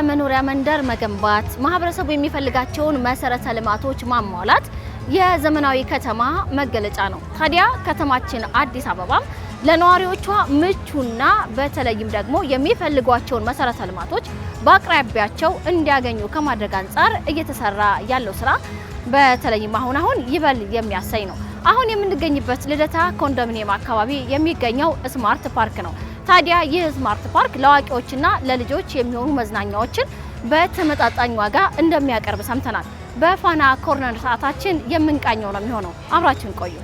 የመኖሪያ መንደር መገንባት፣ ማህበረሰቡ የሚፈልጋቸውን መሰረተ ልማቶች ማሟላት የዘመናዊ ከተማ መገለጫ ነው። ታዲያ ከተማችን አዲስ አበባም ለነዋሪዎቿ ምቹና በተለይም ደግሞ የሚፈልጓቸውን መሰረተ ልማቶች በአቅራቢያቸው እንዲያገኙ ከማድረግ አንጻር እየተሰራ ያለው ስራ በተለይም አሁን አሁን ይበል የሚያሳይ ነው። አሁን የምንገኝበት ልደታ ኮንዶሚኒየም አካባቢ የሚገኘው ስማርት ፓርክ ነው። ታዲያ ይህ ስማርት ፓርክ ለአዋቂዎችና ለልጆች የሚሆኑ መዝናኛዎችን በተመጣጣኝ ዋጋ እንደሚያቀርብ ሰምተናል። በፋና ኮርነር ሰዓታችን የምንቃኘው ነው የሚሆነው። አብራችን ቆዩ።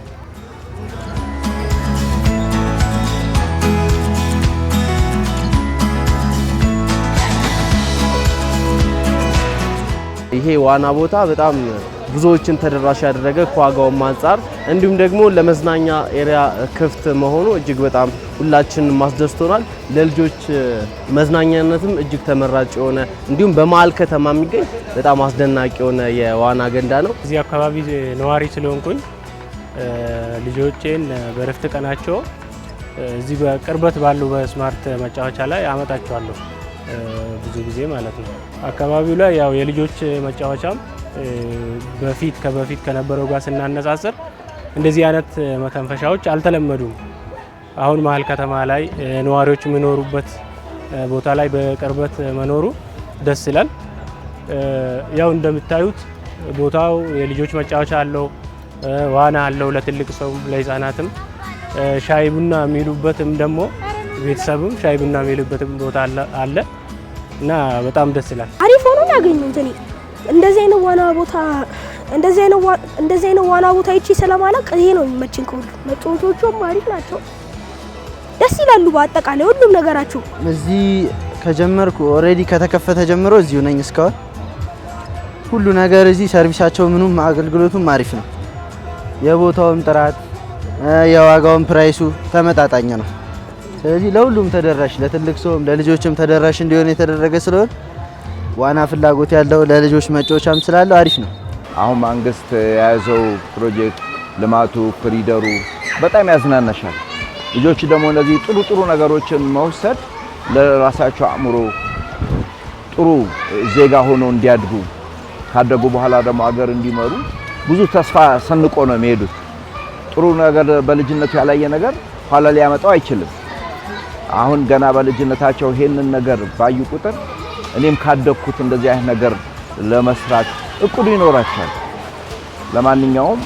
ይሄ ዋና ቦታ በጣም ብዙዎችን ተደራሽ ያደረገ ከዋጋውም አንጻር እንዲሁም ደግሞ ለመዝናኛ ኤሪያ ክፍት መሆኑ እጅግ በጣም ሁላችንን ማስደስቶናል። ለልጆች መዝናኛነትም እጅግ ተመራጭ የሆነ እንዲሁም በመሀል ከተማ የሚገኝ በጣም አስደናቂ የሆነ የዋና ገንዳ ነው። እዚህ አካባቢ ነዋሪ ስለሆንኩኝ ልጆቼን በረፍት ቀናቸው እዚህ በቅርበት ባሉ በስማርት መጫወቻ ላይ አመጣቸዋለሁ ብዙ ጊዜ ማለት ነው። አካባቢው ላይ ያው የልጆች መጫወቻም በፊት ከበፊት ከነበረው ጋር ስናነጻጽር እንደዚህ አይነት መተንፈሻዎች አልተለመዱም። አሁን መሀል ከተማ ላይ ነዋሪዎች የሚኖሩበት ቦታ ላይ በቅርበት መኖሩ ደስ ይላል። ያው እንደምታዩት ቦታው የልጆች መጫወቻ አለው፣ ዋና አለው ለትልቅ ሰው ለህፃናትም፣ ሻይ ቡና የሚሉበትም ደግሞ ቤተሰብም ሻይ ቡና የሚሉበትም ቦታ አለ እና በጣም ደስ ይላል። አሪፍ ሆኖ ያገኙት እንደዚህ አይነት ዋና ቦታ እንደዚህ አይነት ዋና ቦታ ይቺ ስለማላውቅ ይሄ ነው የሚመችኝ። ከሁሉ መጫወቾቹም አሪፍ ናቸው፣ ደስ ይላሉ። በአጠቃላይ ሁሉም ነገራቸው እዚህ ከጀመርኩ ኦልሬዲ ከተከፈተ ጀምሮ እዚሁ ነኝ እስካሁን። ሁሉ ነገር እዚህ ሰርቪሳቸው፣ ምኑም አገልግሎቱም አሪፍ ነው። የቦታውም ጥራት የዋጋውም ፕራይሱ ተመጣጣኝ ነው። ስለዚህ ለሁሉም ተደራሽ ለትልቅ ሰውም ለልጆችም ተደራሽ እንዲሆን የተደረገ ስለሆነ ዋና ፍላጎት ያለው ለልጆች መጫወቻም ስላለው አሪፍ ነው። አሁን መንግስት የያዘው ፕሮጀክት ልማቱ፣ ፍሪደሩ በጣም ያዝናናሻል። ልጆች ደግሞ እነዚህ ጥሩ ጥሩ ነገሮችን መውሰድ ለራሳቸው አእምሮ ጥሩ ዜጋ ሆኖ እንዲያድጉ ካደጉ በኋላ ደግሞ አገር እንዲመሩ ብዙ ተስፋ ሰንቆ ነው የሚሄዱት። ጥሩ ነገር በልጅነቱ ያላየ ነገር ኋላ ሊያመጣው አይችልም። አሁን ገና በልጅነታቸው ይሄንን ነገር ባዩ ቁጥር እኔም ካደግኩት እንደዚህ አይነት ነገር ለመስራት እቅዱ ይኖራቸዋል። ለማንኛውም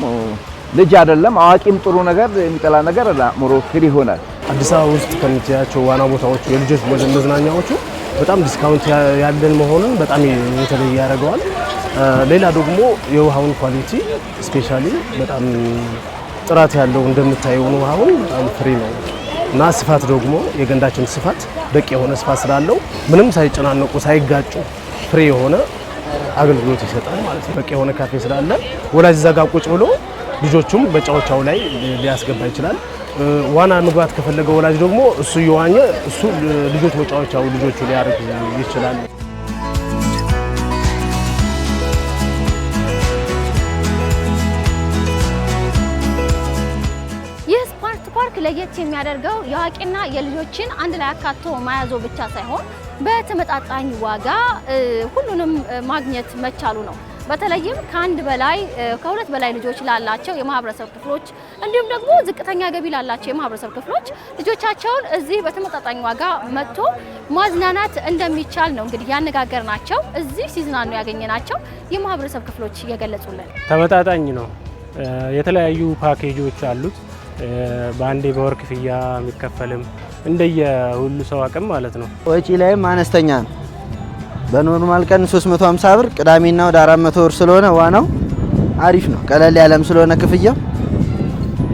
ልጅ አይደለም አዋቂም ጥሩ ነገር የሚጠላ ነገር አእምሮ ፍሪ ይሆናል። አዲስ አበባ ውስጥ ከምትያቸው ዋና ቦታዎች የልጆች መዝናኛዎቹ በጣም ዲስካውንት ያለን መሆኑን በጣም የተለየ ያደርገዋል። ሌላ ደግሞ የውሃውን ኳሊቲ ስፔሻሊ በጣም ጥራት ያለው እንደምታየውን ውሃውን በጣም ፍሪ ነው። እና ስፋት ደግሞ የገንዳችን ስፋት በቂ የሆነ ስፋት ስላለው ምንም ሳይጨናነቁ ሳይጋጩ ፍሬ የሆነ አገልግሎት ይሰጣል ማለት ነው። በቂ የሆነ ካፌ ስላለ ወላጅ እዛ ቁጭ ብሎ ልጆቹም በጫወቻው ላይ ሊያስገባ ይችላል። ዋና መግባት ከፈለገ ወላጅ ደግሞ እሱ እየዋኘ እሱ ልጆች በጫወቻው ልጆቹ ሊያደርግ ይችላል። የሚያደርገው የአዋቂና የልጆችን አንድ ላይ አካቶ መያዞ ብቻ ሳይሆን በተመጣጣኝ ዋጋ ሁሉንም ማግኘት መቻሉ ነው። በተለይም ከአንድ በላይ ከሁለት በላይ ልጆች ላላቸው የማህበረሰብ ክፍሎች እንዲሁም ደግሞ ዝቅተኛ ገቢ ላላቸው የማህበረሰብ ክፍሎች ልጆቻቸውን እዚህ በተመጣጣኝ ዋጋ መጥቶ ማዝናናት እንደሚቻል ነው እንግዲህ ያነጋገር ናቸው። እዚህ ሲዝናኑ ናቸው የማህበረሰብ ክፍሎች እየገለጹልን። ተመጣጣኝ ነው። የተለያዩ ፓኬጆች አሉት። በአንዴ በወር ክፍያ የሚከፈልም እንደየ ሁሉ ሰው አቅም ማለት ነው። ወጪ ላይም አነስተኛ ነው። በኖርማል ቀን 350 ብር፣ ቅዳሜና ወደ 400 ብር ስለሆነ ዋናው አሪፍ ነው። ቀለል ያለም ስለሆነ ክፍያው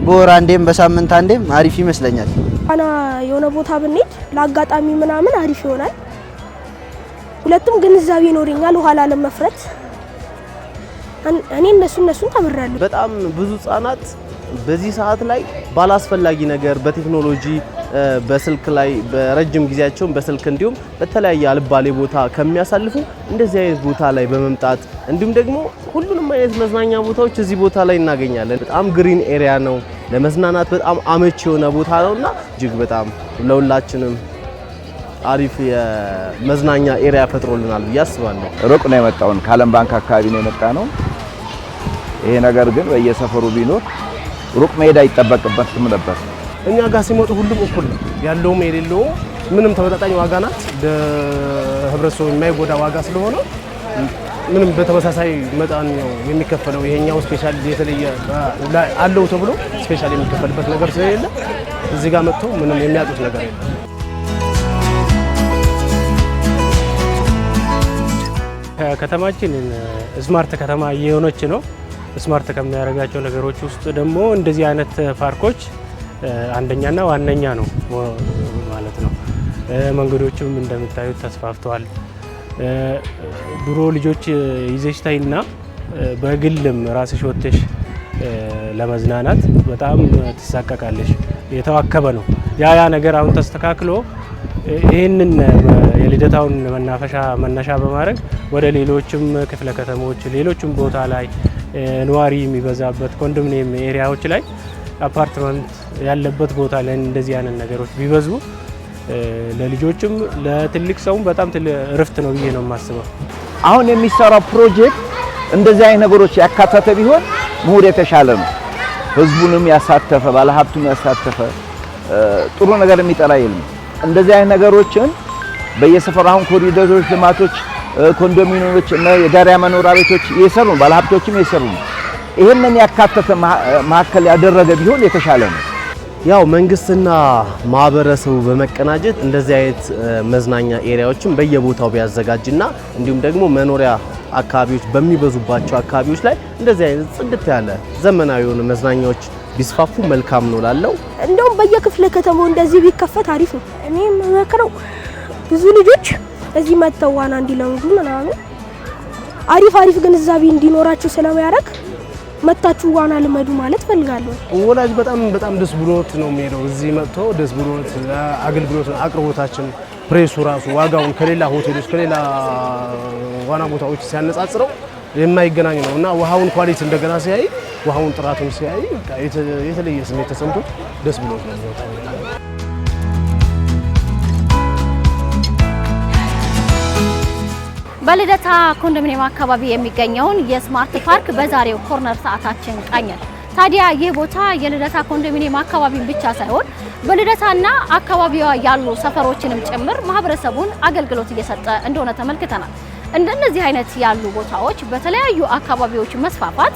በወር አንዴም በሳምንት አንዴም አሪፍ ይመስለኛል። ዋና የሆነ ቦታ ብንሄድ ለአጋጣሚ ምናምን አሪፍ ይሆናል። ሁለቱም ግንዛቤ ይኖረኛል፣ ኋላ መፍረት እኔ እነሱ እነሱን ተምራለሁ። በጣም ብዙ ህጻናት በዚህ ሰዓት ላይ ባላስፈላጊ ነገር በቴክኖሎጂ በስልክ ላይ በረጅም ጊዜያቸውን በስልክ እንዲሁም በተለያየ አልባሌ ቦታ ከሚያሳልፉ እንደዚህ አይነት ቦታ ላይ በመምጣት እንዲሁም ደግሞ ሁሉንም አይነት መዝናኛ ቦታዎች እዚህ ቦታ ላይ እናገኛለን። በጣም ግሪን ኤሪያ ነው፣ ለመዝናናት በጣም አመች የሆነ ቦታ ነው እና እጅግ በጣም ለሁላችንም አሪፍ የመዝናኛ ኤሪያ ፈጥሮልናል ብዬ አስባለሁ። ሩቅ ነው የመጣውን ከአለም ባንክ አካባቢ ነው የመጣ ነው። ይሄ ነገር ግን በየሰፈሩ ቢኖር ሩቅ መሄድ አይጠበቅበትም ነበር። እኛ ጋር ሲመጡ ሁሉም እኩል ያለውም የሌለውም ምንም ተመጣጣኝ ዋጋ ናት። ለህብረተሰቡ የማይጎዳ ዋጋ ስለሆነ ምንም በተመሳሳይ መጠን ነው የሚከፈለው። ይሄኛው ስፔሻል የተለየ አለው ተብሎ ስፔሻል የሚከፈልበት ነገር ስለሌለ እዚህ ጋር መጥቶ ምንም የሚያጡት ነገር የለም። ከተማችን ስማርት ከተማ እየሆነች ነው። ስማርት ከሚያደርጋቸው ነገሮች ውስጥ ደግሞ እንደዚህ አይነት ፓርኮች አንደኛና ዋነኛ ነው ማለት ነው። መንገዶችም እንደምታዩት ተስፋፍተዋል። ድሮ ልጆች ይዘሽ ታይና በግልም ራስሽ ወጥተሽ ለመዝናናት በጣም ትሳቀቃለሽ። የተዋከበ ነው ያ ያ ነገር አሁን ተስተካክሎ ይህንን የልደታውን መናፈሻ መነሻ በማድረግ ወደ ሌሎችም ክፍለ ከተሞች ሌሎችም ቦታ ላይ ነዋሪ የሚበዛበት ኮንዶሚኒየም ኤሪያዎች ላይ አፓርትመንት ያለበት ቦታ ላይ እንደዚህ አይነት ነገሮች ቢበዙ ለልጆችም ለትልቅ ሰውም በጣም እርፍት ነው ብዬ ነው የማስበው። አሁን የሚሰራው ፕሮጀክት እንደዚህ አይነት ነገሮች ያካተተ ቢሆን ምሁር የተሻለ ነው። ህዝቡንም ያሳተፈ ባለሀብቱም ያሳተፈ ጥሩ ነገር የሚጠላ የለም። እንደዚህ አይነት ነገሮችን በየሰፈሩ አሁን ኮሪደሮች ልማቶች፣ ኮንዶሚኒየሞች እና የጋራ መኖሪያ ቤቶች እየሰሩ ነው። ባለሀብቶችም እየሰሩ ነው። ይህንን ያካተተ ማዕከል ያደረገ ቢሆን የተሻለ ነው። ያው መንግስትና ማህበረሰቡ በመቀናጀት እንደዚህ አይነት መዝናኛ ኤሪያዎችን በየቦታው ቢያዘጋጅና እንዲሁም ደግሞ መኖሪያ አካባቢዎች በሚበዙባቸው አካባቢዎች ላይ እንደዚህ አይነት ጽድት ያለ ዘመናዊ የሆኑ መዝናኛዎች ቢስፋፉ መልካም ነው ላለው እንደውም በየክፍለ ከተማው እንደዚህ ቢከፈት አሪፍ ነው። እኔ የምመክረው ብዙ ልጆች እዚህ መጥተው ዋና እንዲለምዱ ምናምን አሪፍ አሪፍ ግንዛቤ እንዲኖራቸው ስለሚያደርግ መታችሁ ዋና ልመዱ ማለት ፈልጋለሁ። ወላጅ በጣም በጣም ደስ ብሎት ነው የሚሄደው እዚህ መጥቶ ደስ ብሎት አገልግሎት አቅርቦታችን ፕሬሱ ራሱ ዋጋውን ከሌላ ሆቴሎች ከሌላ ዋና ቦታዎች ሲያነጻጽረው የማይገናኝ ነው እና ውሃውን ኳሊቲ እንደገና ሲያይ ውሃውን ጥራቱን ሲያይ የተለየ ስሜት ተሰምቶ ደስ ብሎ በልደታ ኮንዶሚኒየም አካባቢ የሚገኘውን የስማርት ፓርክ በዛሬው ኮርነር ሰዓታችን ቃኘን። ታዲያ ይህ ቦታ የልደታ ኮንዶሚኒየም አካባቢን ብቻ ሳይሆን በልደታና አካባቢዋ ያሉ ሰፈሮችንም ጭምር ማህበረሰቡን አገልግሎት እየሰጠ እንደሆነ ተመልክተናል። እንደነዚህ አይነት ያሉ ቦታዎች በተለያዩ አካባቢዎች መስፋፋት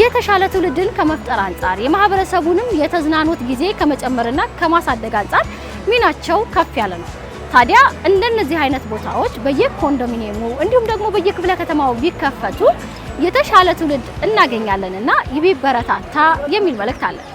የተሻለ ትውልድን ከመፍጠር አንጻር የማህበረሰቡንም የተዝናኖት ጊዜ ከመጨመርና ከማሳደግ አንጻር ሚናቸው ከፍ ያለ ነው። ታዲያ እንደነዚህ አይነት ቦታዎች በየኮንዶሚኒየሙ እንዲሁም ደግሞ በየክፍለ ከተማው ቢከፈቱ የተሻለ ትውልድ እናገኛለንና ቢበረታታ የሚል መልእክት አለን።